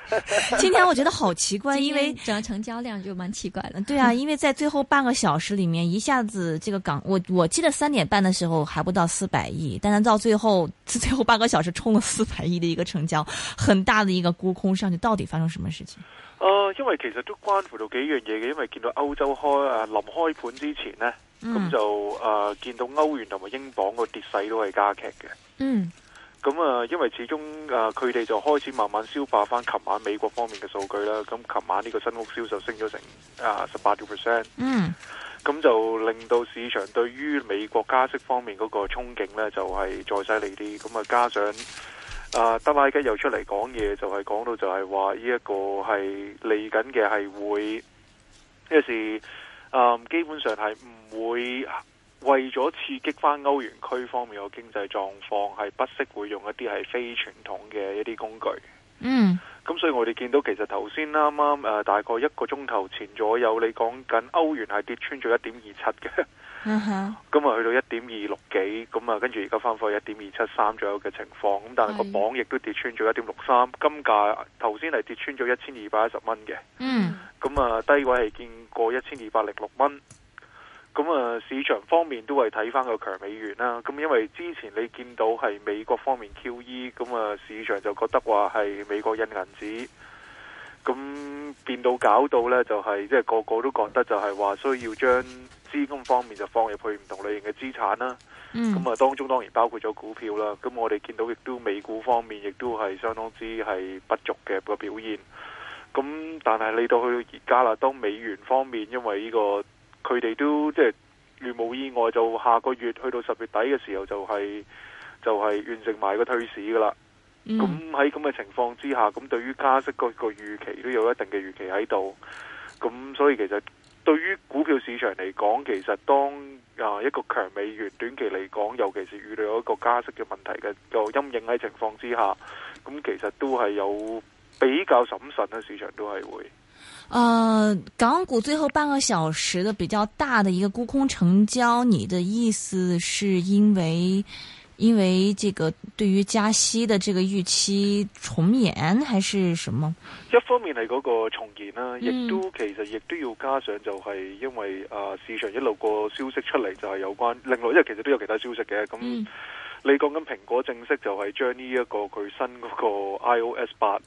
今天我覺得好奇怪，因為整個成交量就蠻奇怪了。對啊，因為在最後半個小時裏面，一下子這個港，我我記得三點半的時候還不到四百億，但是到最後最後半個小時衝了四百億的一個成交，很大的一個沽空上去，到底發生什麼事情？呃，因為其實都關乎到幾樣嘢嘅，因為見到歐洲開啊，臨開盤之前呢，咁就啊見到歐元同埋英鎊個跌勢都係加劇嘅。嗯。咁啊，因為始終啊，佢、呃、哋就開始慢慢消化翻琴晚美國方面嘅數據啦。咁琴晚呢個新屋銷售升咗成啊十八個 percent。呃、嗯，咁就令到市場對於美國加息方面嗰個憧憬咧，就係、是、再犀利啲。咁啊，加上啊、呃，德拉吉又出嚟講嘢，就係、是、講到就係話呢一個係嚟緊嘅係會，即、這個、時啊、呃，基本上係唔會。為咗刺激翻歐元區方面嘅經濟狀況，係不惜會用一啲係非傳統嘅一啲工具。嗯，咁所以我哋見到其實頭先啱啱誒，大概一個鐘頭前左右，你講緊歐元係跌穿咗一點二七嘅。嗯哼，咁啊去到一點二六幾，咁啊跟住而家翻翻去一點二七三左右嘅情況，咁但係個鎊亦都跌穿咗一點六三，金價頭先係跌穿咗一千二百一十蚊嘅。Mm. 嗯，咁啊低位係見過一千二百零六蚊。咁啊，市場方面都係睇翻個強美元啦、啊。咁因為之前你見到係美國方面 QE，咁啊市場就覺得話係美國印銀紙，咁變到搞到咧就係即係個個都覺得就係話需要將資金方面就放入去唔同類型嘅資產啦、啊。咁啊當中當然包括咗股票啦。咁我哋見到亦都美股方面亦都係相當之係不俗嘅個表現。咁但係嚟到去到而家啦，當美元方面因為呢、這個佢哋都即係如冇意外，就下個月去到十月底嘅時候，就是，就係就係完成埋個退市噶啦。咁喺咁嘅情況之下，咁對於加息個預期都有一定嘅預期喺度。咁所以其實對於股票市場嚟講，其實當啊、呃、一個強美元短期嚟講，尤其是遇到一個加息嘅問題嘅個陰影喺情況之下，咁其實都係有比較審慎嘅，市場都係會。呃、uh,，港股最後半個小時的比較大的一個沽空成交，你的意思是因為因為這個對於加息的這個預期重演，還是什麼？一方面係嗰個重演啦，亦、嗯、都其實亦都要加上就係因為啊、呃、市場一路個消息出嚟就係有關，另外因為其實都有其他消息嘅，咁、嗯、你講緊蘋果正式就係將呢、這、一個佢新嗰個 iOS 八。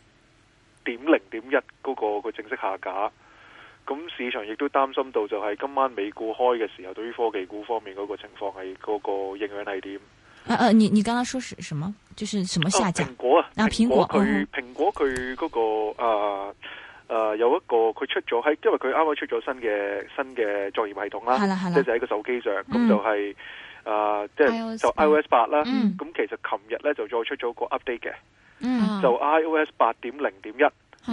點零點一嗰個正式下架，咁市場亦都擔心到就係今晚美股開嘅時候，對於科技股方面嗰個情況係嗰個影響係點？啊啊，你你剛剛說是什麼？就是什麼下架？蘋果啊，蘋果佢、啊、蘋果佢嗰、那個誒誒、呃呃、有一個佢出咗喺，因為佢啱啱出咗新嘅新嘅作業系統啦，係啦係啦，即係喺個手機上，咁、嗯、就係誒即係就是、iOS 八啦，咁、嗯、其實琴日咧就再出咗個 update 嘅。Mm-hmm. 就 iOS 八點零點一，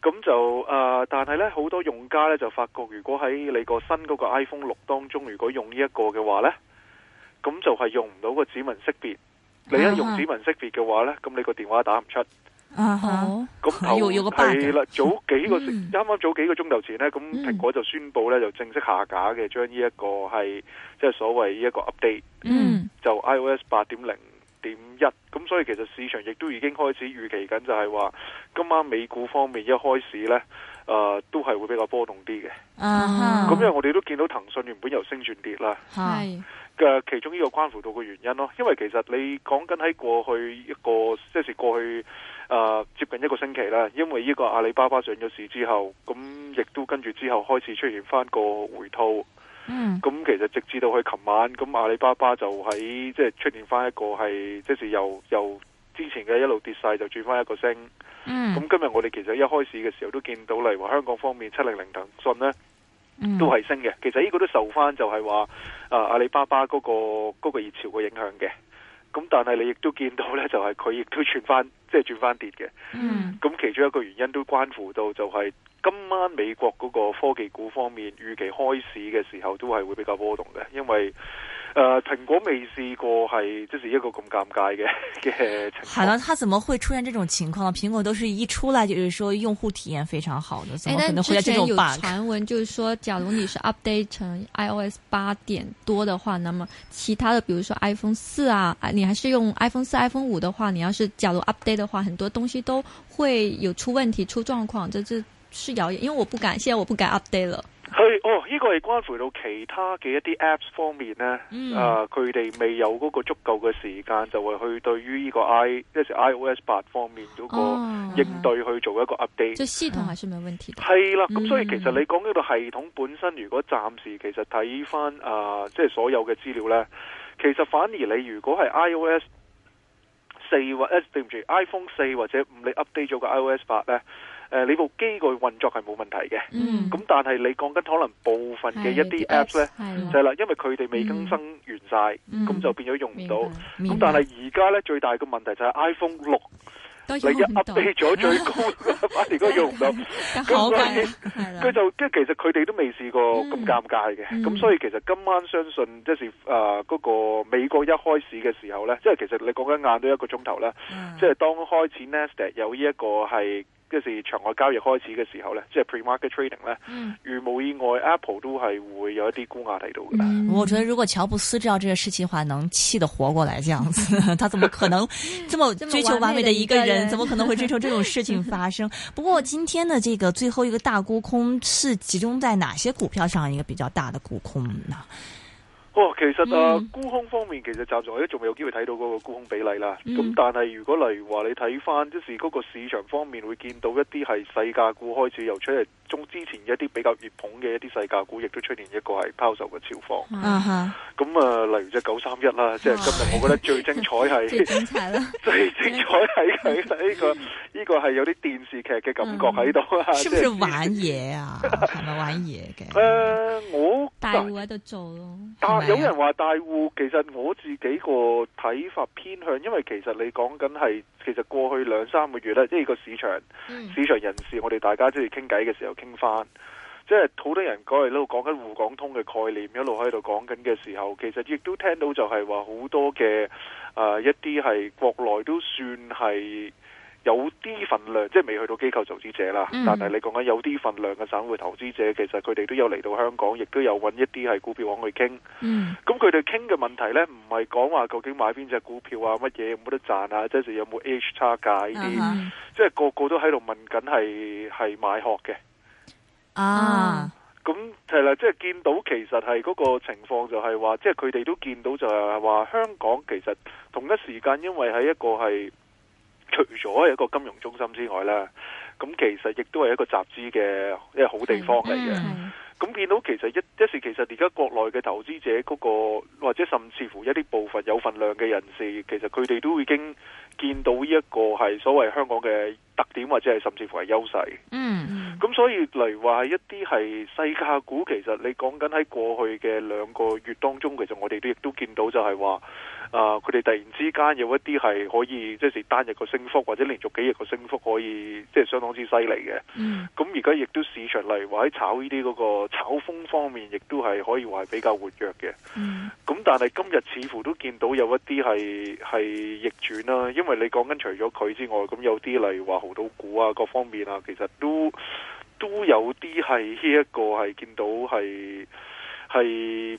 咁就誒，但係咧好多用家咧就發覺，如果喺你個新嗰個 iPhone 六當中，如果用呢一個嘅話咧，咁就係用唔到個指紋識別。你一用指紋識別嘅話咧，咁、uh-huh. 你個電話打唔出。啊、uh-huh. 哈，咁係啦，早幾個時啱啱、mm-hmm. 早幾個鐘頭前咧，咁蘋果就宣布咧就正式下架嘅，將呢一個係即係所謂一個 update，、mm-hmm. 就 iOS 八點零。點一咁，所以其實市場亦都已經開始預期緊，就係話今晚美股方面一開始呢誒、呃，都係會比較波動啲嘅。咁因為我哋都見到騰訊原本由升轉跌啦，嘅、uh-huh. 嗯、其中呢個關乎到個原因咯。因為其實你講緊喺過去一個即係、就是、過去誒、呃、接近一個星期啦，因為呢個阿里巴巴上咗市之後，咁亦都跟住之後開始出現翻個回吐。嗯，咁其實直至到去琴晚，咁阿里巴巴就喺即係出現翻一個係，即、就是由由之前嘅一路跌勢就轉翻一個升。嗯，咁今日我哋其實一開始嘅時候都見到，例如話香港方面七零零騰訊咧，都係升嘅、嗯。其實呢個都受翻就係話、啊，阿里巴巴嗰、那個嗰、那個熱潮嘅影響嘅。咁但係你亦都見到咧，就係佢亦都轉翻，即係轉翻跌嘅。嗯。咁其中一個原因都關乎到就係今晚美國嗰個科技股方面，預期開市嘅時候都係會比較波動嘅，因為。呃、uh，蘋果未試過係，即是一個咁尷尬嘅嘅情況。它、嗯、怎麼會出現這種情況？蘋果都是一出來就是說用戶體驗非常好的，怎麼可能會有傳聞、欸？就是說，假如你是 update 成 iOS 八點多的話，那麼其他的，比如說 iPhone 四啊，你還是用 iPhone 四、iPhone 五的話，你要是假如 update 的話，很多東西都會有出問題、出狀況。這這是謠言，因為我不敢，現在我不敢 update 了。去哦，呢、這個係關乎到其他嘅一啲 Apps 方面呢。啊、嗯，佢哋未有嗰個足夠嘅時間，就會去對於呢個 i，即 iOS 八方面嗰個應對去做一個 update、哦。即係系統還是沒問題的。係、嗯、啦，咁所以其實你講呢個系統本身，如果暫時其實睇翻啊，即、呃、係、就是、所有嘅資料呢，其實反而你如果係 iOS 四、呃、或 S，對唔住 iPhone 四或者五，你 update 咗個 iOS 八呢。誒，你部機個運作係冇問題嘅，咁但係你講緊可能部分嘅一啲 apps 咧，就係啦，因為佢哋未更新完晒，咁就變咗用唔到。咁但係而家咧最大嘅問題就係 iPhone 六，你一 update 咗最高，反而都用唔到。好嘅，係啦。佢就即係其實佢哋都未試過咁尷尬嘅。咁所以其實今晚相信即係誒嗰個美國一開始嘅時候咧，即係其實你講緊晏咗一個鐘頭啦，即係當開始咧有呢一個係。就是場外交易開始嘅時候呢，即係 pre market trading 呢，如無意外，嗯，Apple 都係會有一啲沽壓睇到嘅。我覺得如果喬布斯知道這個事情的話，能氣得活過來，這樣子， 他怎麼可能這麼追求完美，這麼完美的一個人？怎麼可能會追求這種事情發生？ 不過今天的這個最後一個大沽空是集中在哪些股票上？一個比較大的沽空呢？哦、其實啊，沽、嗯、空方面其實暫時我都仲未有機會睇到嗰個沽空比例啦。咁、嗯、但係如果例如話你睇翻，即、就是嗰個市場方面會見到一啲係細價股開始由出嚟，中之前一啲比較熱捧嘅一啲細價股，亦都出現一個係拋售嘅潮況。咁啊、嗯、啊，例如就九三一啦，即、就、係、是、今日我覺得最精彩係 最精彩啦，佢、 這個。呢、這個呢、這個係有啲電視劇嘅感覺喺度、嗯就是。是不是玩嘢啊？係 咪玩嘢嘅？誒、啊，我大戶喺度做咯。是有人話大戶，其實我自己個睇法偏向，因為其實你講緊係，其實過去兩三個月咧，即係個市場，市場人士，我哋大家即係傾偈嘅時候傾翻，即係好多人講嚟喺度講緊滬港通嘅概念，一路喺度講緊嘅時候，其實亦都聽到就係話好多嘅啊、呃、一啲係國內都算係。有啲份量，即係未去到機構投資者啦、嗯。但係你講緊有啲份量嘅散戶投資者，其實佢哋都有嚟到香港，亦都有搵一啲係股票行去傾。咁佢哋傾嘅問題呢，唔係講話究竟買邊隻股票啊，乜嘢有冇得賺啊，即係有冇 H 差價呢啲。Uh-huh. 即係個個都喺度問緊，係係買殼嘅。啊、uh-huh. 嗯，咁係啦，即係見到其實係嗰個情況就係話，即係佢哋都見到就係話香港其實同一時間，因為係一個係。除咗係一個金融中心之外咧，咁其實亦都係一個集資嘅一個好地方嚟嘅。咁見到其實一一時，其實而家國內嘅投資者嗰個，或者甚至乎一啲部分有份量嘅人士，其實佢哋都已經見到呢一個係所謂香港嘅特點，或者係甚至乎係優勢。嗯，咁所以例如話一啲係細價股，其實你講緊喺過去嘅兩個月當中，其實我哋都亦都見到就係話。啊！佢哋突然之間有一啲係可以，即、就是單日個升幅或者連續幾日個升幅可以，即、就、係、是、相當之犀利嘅。咁而家亦都市場嚟話喺炒呢啲嗰個炒風方面，亦都係可以話係比較活躍嘅。咁、嗯、但係今日似乎都見到有一啲係係逆轉啦、啊，因為你講緊除咗佢之外，咁有啲例如話濠賭股啊，各方面啊，其實都都有啲係呢一個係見到係係。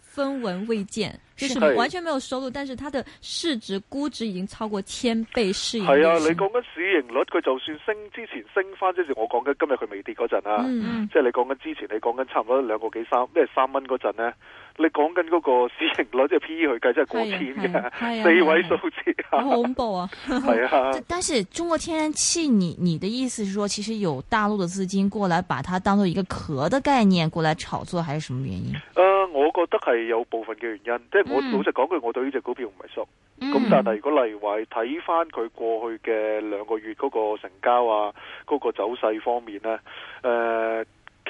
分文未見，就是完全沒有收入，是但是它的市值估值已經超過千倍市盈率。係啊，你講緊市盈率，佢就算升之前升翻，就是嗯，即係我講緊今日佢未跌嗰陣啊，即係你講緊之前，你講緊差唔多兩個幾三，即係三蚊嗰陣咧。你講緊嗰個市盈率即係、就是、P E 去計，真係過千嘅，四位數字， 好恐怖啊！係啊。但是中國天然氣，你你的意思是說，其實有大陸的資金過來，把它當做一個殼的概念過來炒作，還是什麼原因？誒、呃，我覺得係有部分嘅原因。即、嗯、係、就是、我老實講句，我對呢隻股票唔係熟。咁、嗯、但係如果例如話睇翻佢過去嘅兩個月嗰個成交啊，嗰、那個走勢方面呢誒。呃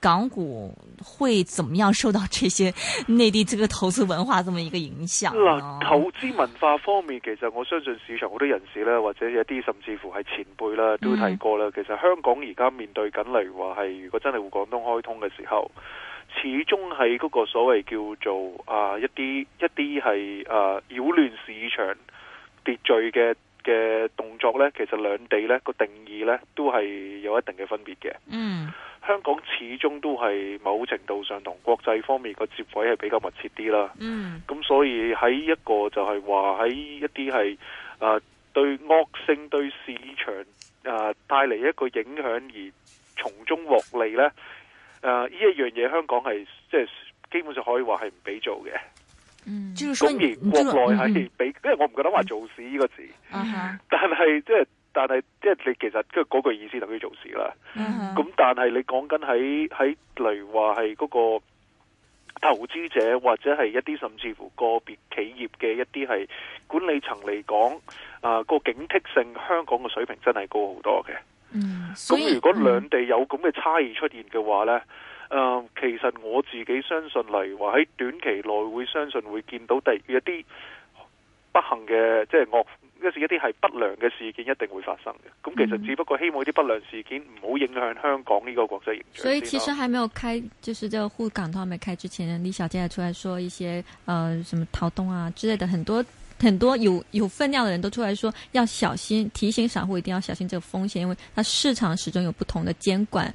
港股會怎麼樣受到這些內地這個投資文化這麼一個影響，啊？嗱、啊，投資文化方面，其實我相信市場好多人士咧，或者有啲甚至乎係前輩啦，都提過啦，嗯。其實香港而家面對緊例如話係，如果真係會廣東開通嘅時候，始終係嗰個所謂叫做啊一啲一啲係啊擾亂市場秩序嘅。嘅動作呢，其實兩地呢、個定義呢都係有一定嘅分別嘅。嗯、mm.，香港始終都係某程度上同國際方面個接軌係比較密切啲啦。嗯，咁所以喺一個就係話喺一啲係啊對惡性對市場啊帶嚟一個影響而從中獲利呢，啊呢一樣嘢香港係即係基本上可以話係唔俾做嘅。咁、嗯就是、而國內係比、嗯，因為我唔覺得話做事呢個字、嗯，但係即係但係即係你其實即係嗰句意思等於做事啦。咁、嗯、但係你講緊喺喺例如話係嗰個投資者或者係一啲甚至乎個別企業嘅一啲係管理層嚟講，啊、嗯呃個警惕性香港嘅水平真係高好多嘅。咁、嗯、如果兩地有咁嘅差異出現嘅話呢？嗯呃、其實我自己相信例如話喺短期內會相信會見到第一啲不幸嘅，即係惡，一是一啲係不良嘅事件一定會發生嘅。咁其實只不過希望啲不良事件唔好影響香港呢個國際形象。所以其實還沒有開，就是這個滬港通沒開之前，李小加出來說一些呃什麼陶冬啊之類的，很多很多有有分量的人都出來說要小心，提醒散戶一定要小心這個風險，因為他市場始終有不同的監管。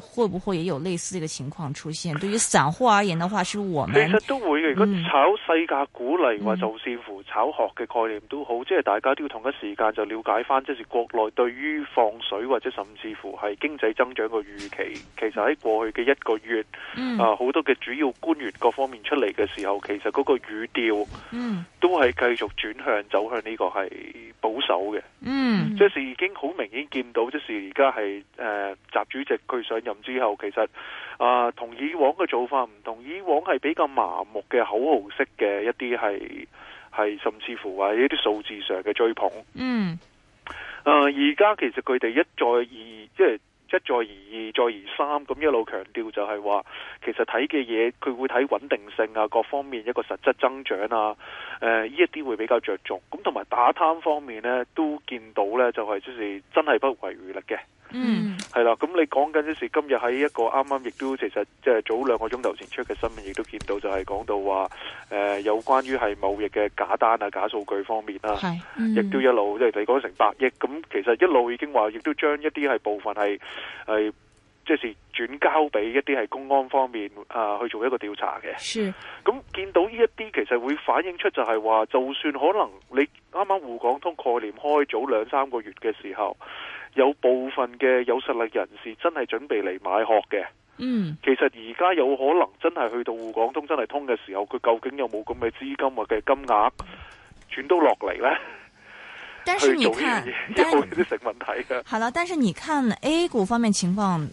會不會也有類似嘅個情況出現？對於散戶而言的話，是我們其實都會嘅。如果炒細價股嚟話，嗯、就視乎炒殼嘅概念都好，即、就、係、是、大家都要同一時間就了解翻，即、就是國內對於放水或者甚至乎係經濟增長嘅預期。其實喺過去嘅一個月，嗯、啊，好多嘅主要官員各方面出嚟嘅時候，其實嗰個語調，都係繼續轉向走向呢個係保守嘅，嗯，即是、嗯就是已經好明顯見到，即、就是而家係誒習主席佢想任之後，其實啊，同、呃、以往嘅做法唔同，以往係比較麻木嘅口號式嘅一啲係係甚至乎話一啲數字上嘅追捧。嗯、mm. mm. 呃，啊，而家其實佢哋一再而二，即係一再而二再，再，再而三咁一路強調就係話，其實睇嘅嘢佢會睇穩定性啊，各方面一個實質增長啊，誒呢一啲會比較着重。咁同埋打貪方面呢，都見到呢，就係即是真係不遺餘力嘅。嗯，係啦，咁你講緊啲事，今日喺一個啱啱亦都其實即係早兩個鐘頭前出嘅新聞，亦都見到就係講到話，誒、呃、有關於係貿易嘅假單啊、假數據方面啦，亦、嗯、都一路即係你講成百億，咁其實一路已經話亦都將一啲係部分係係，即是轉交俾一啲係公安方面啊去做一個調查嘅。係，咁見到呢一啲，其實會反映出就係話，就算可能你啱啱滬港通概念開早兩三個月嘅時候。有部分嘅有實力人士真係準備嚟買殼嘅，嗯，其實而家有可能真係去到滬港通真係通嘅時候，佢究竟有冇咁嘅資金或者金額轉到落嚟呢？但是你看，一係有啲成問題嘅。好了，但是你看 A 股方面情況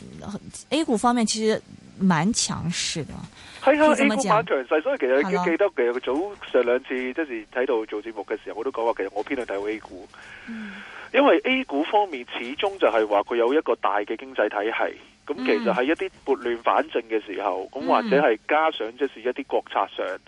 ，A 股方面其實。蠻強勢的，係啊！A 股蠻強勢，所以其實你記得，其實早上兩次即係喺度做節目嘅時候，我都講話，其實我偏向睇好 A 股、嗯，因為 A 股方面始終就係話佢有一個大嘅經濟體系，咁其實喺一啲撥亂反正嘅時候，咁、嗯、或者係加上即係一啲國策上吓、嗯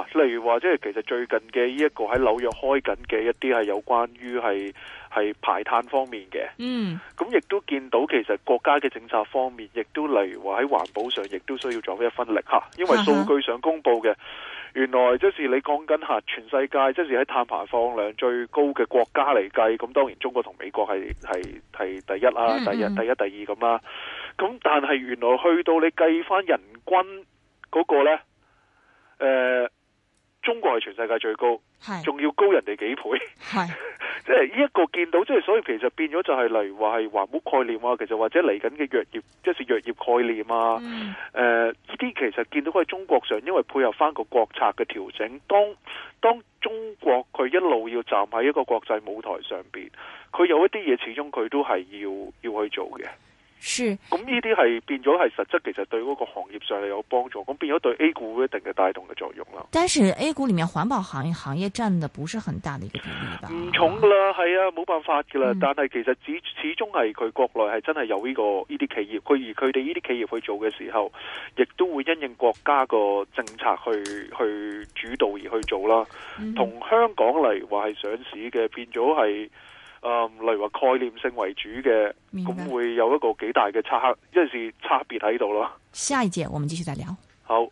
啊，例如話即係其實最近嘅呢一個喺紐約開緊嘅一啲係有關於係。係排碳方面嘅，咁、嗯、亦都見到其實國家嘅政策方面，亦都例如話喺環保上，亦都需要做一分力吓、啊，因為數據上公布嘅、嗯，原來即是你講緊吓全世界，即是喺碳排放量最高嘅國家嚟計，咁當然中國同美國係係係第一啦、啊嗯，第一第一第二咁啦、啊，咁但係原來去到你計翻人均嗰個呢。誒、呃。中國係全世界最高，仲要高人哋幾倍，即係呢一個見到，即係所以其實變咗就係例如話係環保概念啊，其實或者嚟緊嘅藥業，即係藥業概念啊，誒呢啲其實見到佢喺中國上，因為配合翻個國策嘅調整，當當中國佢一路要站喺一個國際舞台上邊，佢有一啲嘢始終佢都係要要去做嘅。是咁呢啲係變咗係實質，其實對嗰個行業上係有幫助，咁變咗對 A 股一定嘅帶動嘅作用啦。但是 A 股裏面環保行業行業佔的不是很大嘅一個比例，唔重噶啦，係啊，冇、啊、辦法噶啦，嗯。但係其實始始終係佢國內係真係有呢、這個呢啲企業，佢而佢哋呢啲企業去做嘅時候，亦都會因應國家個政策去去主導而去做啦。同，嗯，香港嚟話係上市嘅，變咗係。誒，例如話概念性為主嘅，咁會有一個幾大嘅差，一時差別喺度咯。下一節我們繼續再聊。好。